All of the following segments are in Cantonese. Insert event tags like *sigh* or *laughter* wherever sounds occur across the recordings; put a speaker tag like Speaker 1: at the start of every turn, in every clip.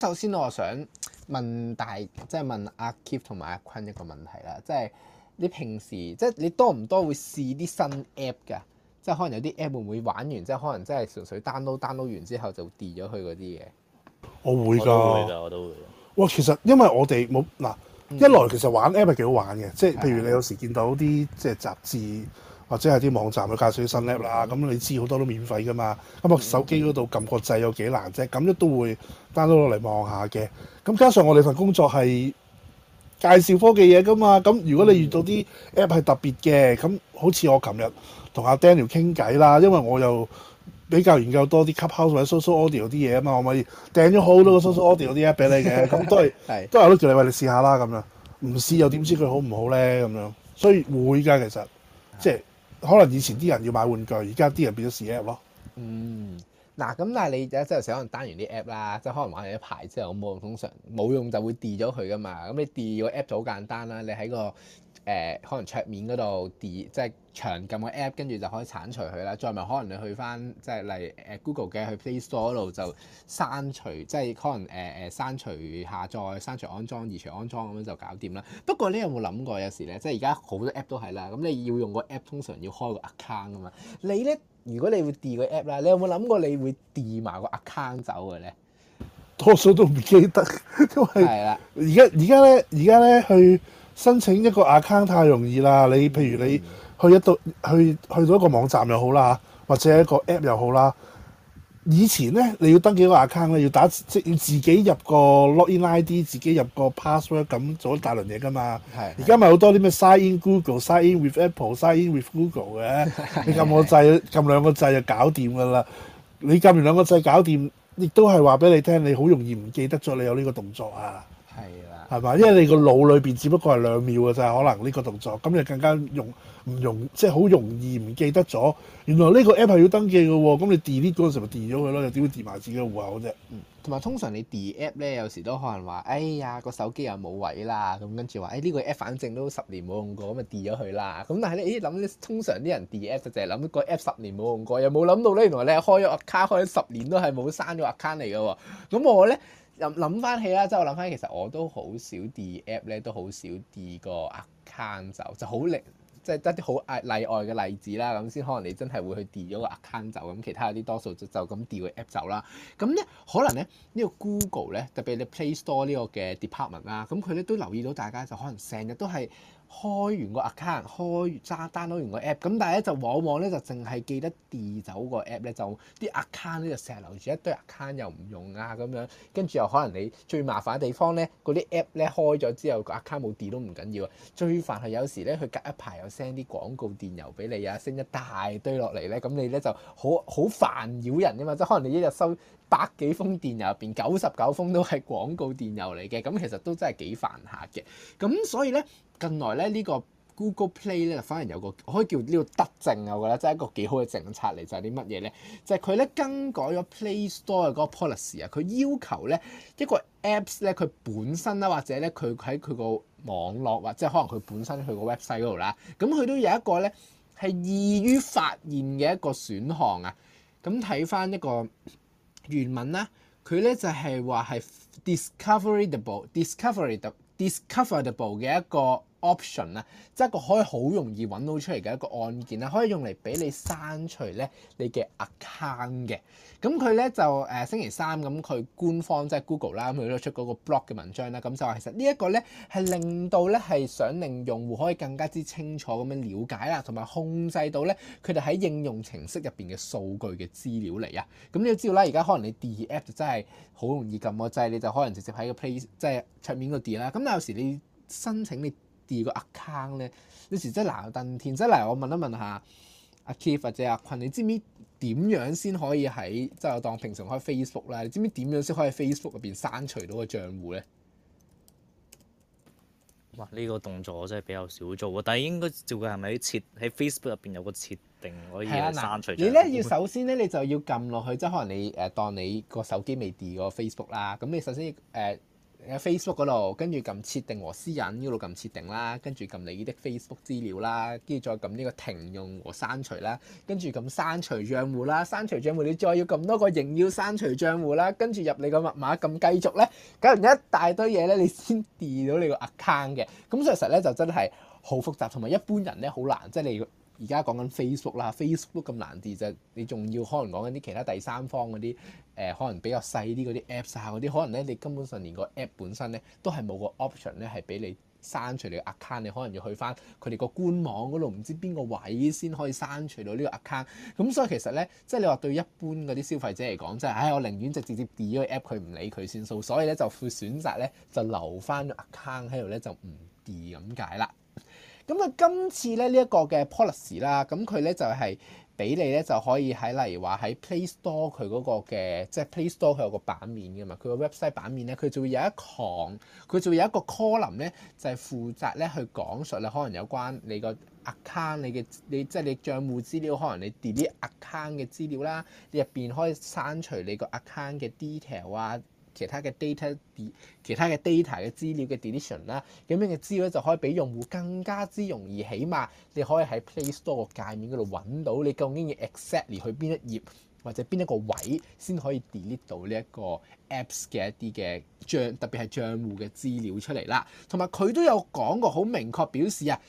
Speaker 1: 首先，我想問大，即係問阿 Keep 同埋阿坤一個問題啦，即係你平時即係你多唔多會試啲新 app 噶？即係可能有啲 app 會唔會玩完，即係可能即係純粹 download download 完之後就跌咗去嗰啲嘢？
Speaker 2: 我會噶，我會噶，我都會。哇，其實因為我哋冇嗱，一來其實玩 app 係幾好玩嘅，即係，嗯，譬如你有時見到啲即係雜誌。或者係啲網站去介紹啲新 app 啦、嗯、咁、嗯、你知好多都免費㗎嘛。咁、嗯、啊手機嗰度撳個掣有幾難啫、啊，咁一都會 download 落嚟望下嘅。咁、嗯、加上我哋份工作係介紹科技嘢㗎嘛。咁如果你遇到啲 app 係特別嘅，咁、嗯、好似我琴日同阿 Daniel 傾偈啦，因為我又比較研究多啲 Clubhouse 或者 social audio 啲嘢啊嘛，我咪訂咗好多個 social audio 啲 app 俾你嘅。咁都係都係叫你餵你試下啦咁樣，唔試又點知佢好唔好咧咁樣？所以會㗎，其實即係。嗯。可能以前啲人要買玩具，而家啲人變咗試 app 咯。嗯，
Speaker 1: 嗱咁，但係你而家即係可能單完啲 app 啦，即係可能玩完一排之後，冇用，通常冇用就會 del 咗佢噶嘛。咁你 del 個 app 就好簡單啦，你喺個。誒、呃、可能桌面嗰度 delete 即係長撳個 app，跟住就可以剷除佢啦。再咪可能你去翻即係例如 Google 嘅去 Play Store 嗰度就刪除，即係可能誒誒、呃、刪除下載、刪除安裝、移除安裝咁樣就搞掂啦。不過你有冇諗過有時咧，即係而家好多 app 都係啦。咁你要用個 app，通常要開個 account 噶嘛。你咧，如果你會 delete 個 app 啦，你有冇諗過你會 delete 埋個 account 走嘅咧？
Speaker 2: 多數都唔記得，因為而家而家咧而家咧去。申請一個 account 太容易啦！你譬如你去一到、嗯、去去到一個網站又好啦，或者一個 app 又好啦。以前呢，你要登記個 account 咧，要打即要自己入個 login ID，自己入個 password 咁做一大輪嘢噶嘛。而家咪好多啲咩的 sign in Google，sign in with Apple，sign in 的 with Google 嘅。你撳個掣，撳兩個掣就搞掂噶啦。你撳完兩個掣搞掂，亦都係話俾你聽，你好容易唔記得咗你有呢個動作啊！係啦，係嘛？因為你個腦裏邊只不過係兩秒嘅啫，就係、可能呢個動作，咁你更加容唔容，即係好容易唔記得咗原來呢個 app 係要登記嘅喎，咁你 delete 嗰陣時咪 delete 咗佢咯，又點會 delete 埋自己嘅戶口啫？同埋、嗯、通常你
Speaker 1: delete app 咧，有時都可能話：哎呀，個手機又冇位啦，咁跟住話：哎，呢、呢個 app 反正都十年冇用過，咁咪 delete 咗佢啦。咁但係咧，咦、哎？諗咧，通常啲人 delete app 就係諗個 app 十年冇用過，又冇諗到咧，原來咧開咗 account 開咗十年都係冇刪咗 account 嚟嘅喎。咁我咧。又諗翻起起啦，即係我諗翻，其實我都好少 del app 咧，都好少 del 個 account 走，就好例，即係得啲好例例外嘅例子啦，咁先可能你真係會去 del 咗個 account 走，咁其他啲多數就就咁 del 個 app 走啦。咁、嗯、咧可能咧呢、呢個 Google 咧，特別你 Play Store 個呢個嘅 department 啦，咁佢咧都留意到大家就可能成日都係。開完個 account，開揸 download 完個 app，咁但係咧就往往咧就淨係記得 del 走個 app 咧，就啲 account 咧就成日留住一堆 account 又唔用啊咁樣，跟住又可能你最麻煩嘅地方咧，嗰啲 app 咧開咗之後個 account 冇 del 都唔緊要啊。最煩係有時咧佢隔一排又 send 啲廣告電郵俾你啊，send 一大堆落嚟咧，咁你咧就好好煩擾人噶嘛。即係可能你一日收百幾封電郵入邊，九十九封都係廣告電郵嚟嘅，咁其實都真係幾煩下嘅。咁所以咧。近來咧呢個 Google Play 咧就反而有個可以叫呢個德政啊！我覺得真係一個幾好嘅政策嚟，就係啲乜嘢咧？就係佢咧更改咗 Play Store 嘅嗰個 policy 啊！佢要求咧一個 apps 咧佢本身啦，或者咧佢喺佢個網絡或者可能佢本身去個 website 嗰度啦，咁佢都有一個咧係易於發現嘅一個選項啊！咁睇翻一個原文啦，佢咧就係話係 discoverable、discoverable、discoverable 嘅一個 option 啦，即係一個可以好容易揾到出嚟嘅一個按鍵啦，可以用嚟俾你刪除咧你嘅 account 嘅。咁佢咧就誒、呃、星期三咁，佢官方即係 Google 啦，咁、就、佢、是、都出嗰個 blog 嘅文章啦。咁就話其實呢一個咧係令到咧係想令用戶可以更加之清楚咁樣了解啦，同埋控制到咧佢哋喺應用程式入邊嘅數據嘅資料嚟啊。咁你要知道啦，而家可能你 del app 就真係好容易撳個掣，你就可能直接喺個 place 即係桌面個 delete 啦。咁有時你申請你啲個 account 咧，有時真係難登天。即係嚟，我問一問一下阿 Keith，或者阿坤，你知唔知點樣先可以喺即係當平常開 Facebook 啦？你知唔知點樣先可以喺 Facebook 入
Speaker 3: 邊刪除到個賬戶咧？哇！呢、這個動作我真係比較少做喎。但係應該，照佢係咪設喺 Facebook 入邊有個設定可以刪除、啊？你咧要
Speaker 1: 首先咧，你就要撳落去，即係可能你誒、呃、當你個手機未 delete 個 Facebook 啦。咁你首先誒。呃喺 Facebook 嗰度，跟住撳設定和私隱呢度撳設定啦，跟住撳你的 Facebook 資料啦，跟住再撳呢個停用和刪除啦，跟住撳刪除帳戶啦，刪除帳戶你再要撳多個仍要刪除帳戶啦，跟住入你個密碼撳繼續咧，搞完一大堆嘢咧，你先 delete 到你個 account 嘅，咁所以其實咧就真係好複雜，同埋一般人咧好難，即係你要。而家講緊 Facebook 啦，Facebook 都咁難 delete，你仲要可能講緊啲其他第三方嗰啲誒，可能比較細啲嗰啲 apps 啊，嗰啲可能咧你根本上連個 app 本身咧都係冇個 option 咧係俾你刪除你 account，你可能要去翻佢哋個官網嗰度，唔知邊個位先可以刪除到呢個 account。咁所以其實咧，即係你話對一般嗰啲消費者嚟講，即係唉，我寧願直接 delete 咗個 app，佢唔理佢算數。所以咧就會選擇咧就留翻個 account 喺度咧就唔 delete 咁解啦。咁佢、嗯、今次咧呢一、這個嘅 policy 啦，咁佢咧就係、是、俾你咧就可以喺例如話喺 Play Store 佢嗰個嘅即係 Play Store 佢有個版面㗎嘛，佢個 website 版面咧佢就會有一行，佢就會有一個 column 咧就係負責咧去講述你可能有關你個 account 你嘅你即係、就是、你帳戶資料，可能你 delete account 嘅資料啦，你入邊可以刪除你個 account 嘅 detail 啊。其他嘅 data，其他嘅 data 嘅資料嘅 deletion 啦，咁樣嘅資料就可以俾用戶更加之容易，起碼你可以喺 Play Store 個界面嗰度搵到你究竟要 exactly 去邊一頁或者邊一個位先可以 delete 到呢一個 apps 嘅一啲嘅賬，特別係賬戶嘅資料出嚟啦。同埋佢都有講過好明確表示啊。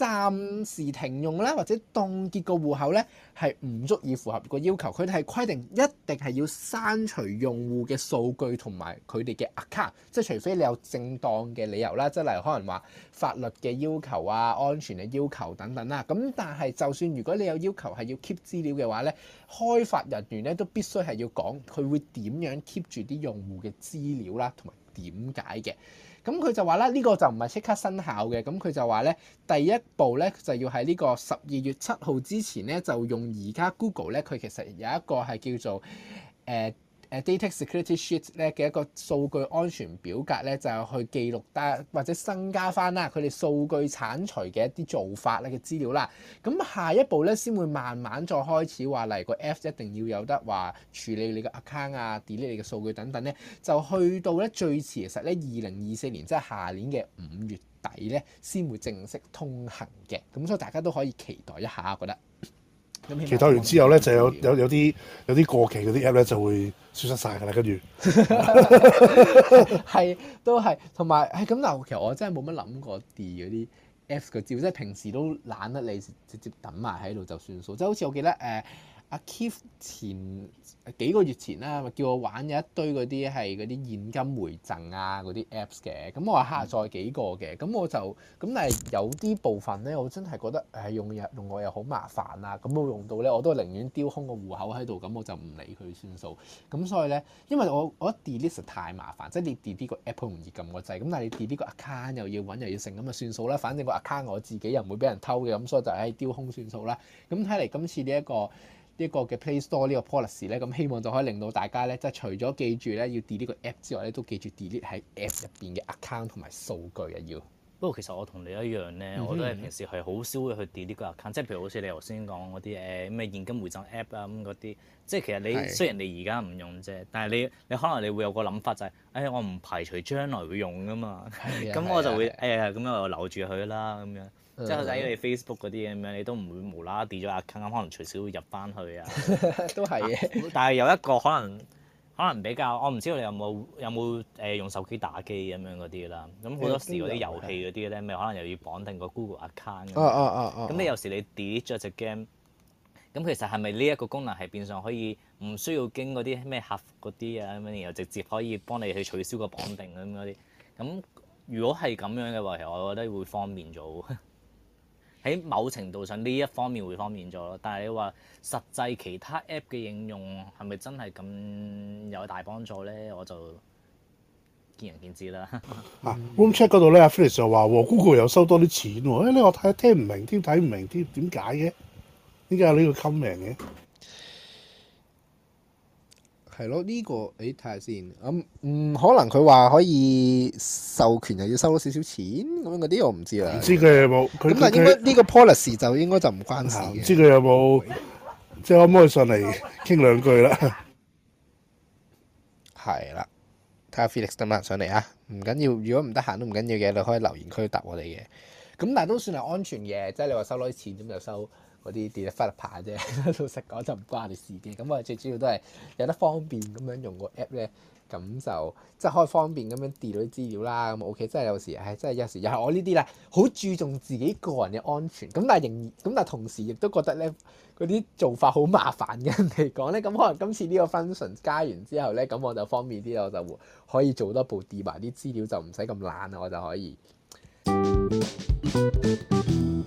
Speaker 1: 暫時停用啦，或者凍結個戶口呢，係唔足以符合個要求。佢哋係規定一定係要刪除用戶嘅數據同埋佢哋嘅 account，即係除非你有正當嘅理由啦，即係例如可能話法律嘅要求啊、安全嘅要求等等啦。咁但係就算如果你有要求係要 keep 資料嘅話呢，開發人員呢都必須係要講佢會點樣 keep 住啲用戶嘅資料啦，同埋。點解嘅？咁佢、嗯、就話咧，呢、呢個就唔係即刻生效嘅。咁、嗯、佢就話咧，第一步咧就要喺呢個十二月七號之前咧，就用而家 Google 咧，佢其實有一個係叫做誒。呃誒 data security sheet 咧嘅一個數據安全表格咧，就去記錄得或者增加翻啦，佢哋數據刪除嘅一啲做法咧嘅資料啦。咁下一步咧，先會慢慢再開始話，例如個 App 一定要有得話處理你嘅 account 啊，delete 你嘅數據等等咧，就去到咧最遲其實咧二零二四年即係下年嘅五月底咧，先會正式通行嘅。咁所以大家都可以期待一下，我覺得。其後完之後咧，嗯、
Speaker 2: 就有、嗯、有有啲有啲過期嗰啲 app 咧就會消失晒㗎啦，跟住
Speaker 1: 係都係同埋係咁。嗱，但其實我真係冇乜諗過 delete 嗰啲 app 嘅招，即係平時都懶得你直接抌埋喺度就算數。即、就、係、是、好似我記得誒。呃阿 Keith 前幾個月前啦，咪叫我玩有一堆嗰啲係嗰啲現金回贈啊嗰啲 Apps 嘅，咁我下載幾個嘅，咁我就咁，但係有啲部分咧，我真係覺得誒、哎、用又用我又好麻煩啊，咁我用到咧，我都寧願丟空個戶口喺度，咁我就唔理佢算數。咁所以咧，因為我我 delete 太麻煩，即係你 del 個 app 好容易撳個掣，咁但係你 del 個 account 又要揾又要成咁啊算數啦，反正個 account 我自己又唔會俾人偷嘅，咁所以就誒丟空算數啦。咁睇嚟今次呢、這、一個。呢個嘅 Play Store 呢個 policy 咧，咁希望就可以令到大家咧，即係除咗記住咧要 delete 呢個 app 之外咧，
Speaker 3: 都記住 delete 喺 app 入邊嘅 account 同埋數據啊要。不過其實我同你一樣咧，嗯、哼我都係平時係好少會去 delete 個 account。即係譬如好似你頭先講嗰啲誒咩現金回贈 app 啊咁嗰啲，即係其實你的雖然你而家唔用啫，但係你你可能你會有個諗法就係、是，誒我唔排除將來會用噶嘛。咁是的 *laughs* 我就會誒咁樣我留住佢啦咁樣。即係好似你 Facebook 嗰啲咁樣，你都唔會無啦啦 delete 咗 account，可能隨時會入翻去 *laughs* 是耶
Speaker 1: 啊，都係嘅。
Speaker 3: 但係有一個可能可能比較，我唔知道你有冇有冇誒用手機打機咁樣嗰啲啦。咁好多時嗰啲遊戲嗰啲咧，咪可能又要綁定個 Google account 咁你有時你 delete 咗隻 game，咁其實係咪呢一個功能係變相可以唔需要經嗰啲咩客服嗰啲啊咁樣，然後直接可以幫你去取消個綁定咁嗰啲？咁如果係咁樣嘅話，其實我覺得會方便咗。喺某程度上呢一方面會方便咗咯，但係你話實際其他 app 嘅應用係咪真係咁有大幫助咧？我就見仁見智啦。
Speaker 2: 嗱，Room Chat 嗰度咧，阿 Felix、嗯、Room 就話、哦、Google 又收多啲錢喎！誒、欸，我睇聽唔明添，睇唔明添，點解嘅？點解有個呢個 comment 嘅？
Speaker 1: 係咯，呢個，誒睇下先，咁唔可能佢話可以授權又要收多少少錢咁嗰啲，我唔知啦。唔知佢有冇？咁啊它，應該呢個 policy 就應該就唔關事。唔知佢有冇， *laughs* 即係可唔可以上嚟傾兩句啦？看看係啦，睇下 Felix 得唔得上嚟啊？唔緊要，如果唔得閒都唔緊要嘅，你可以留言區答我哋嘅。咁但係都算係安全嘅，即係你話收多啲錢咁就收。嗰啲 delete 翻落啫，老實講就唔關我哋事嘅。咁我最主要都係有得方便咁樣用個 app 咧，咁就即係可以方便咁樣 d 到啲資料啦。咁 OK，真係有時，唉、哎，真係有時又係我呢啲啦，好注重自己個人嘅安全。咁但係仍然，咁但係同時亦都覺得咧，嗰啲做法好麻煩嘅人嚟講咧，咁可能今次呢個 function 加完之後咧，咁我就方便啲，我就可以做多步 d 埋啲資料，就唔使咁懶啊，我就可以。 *music*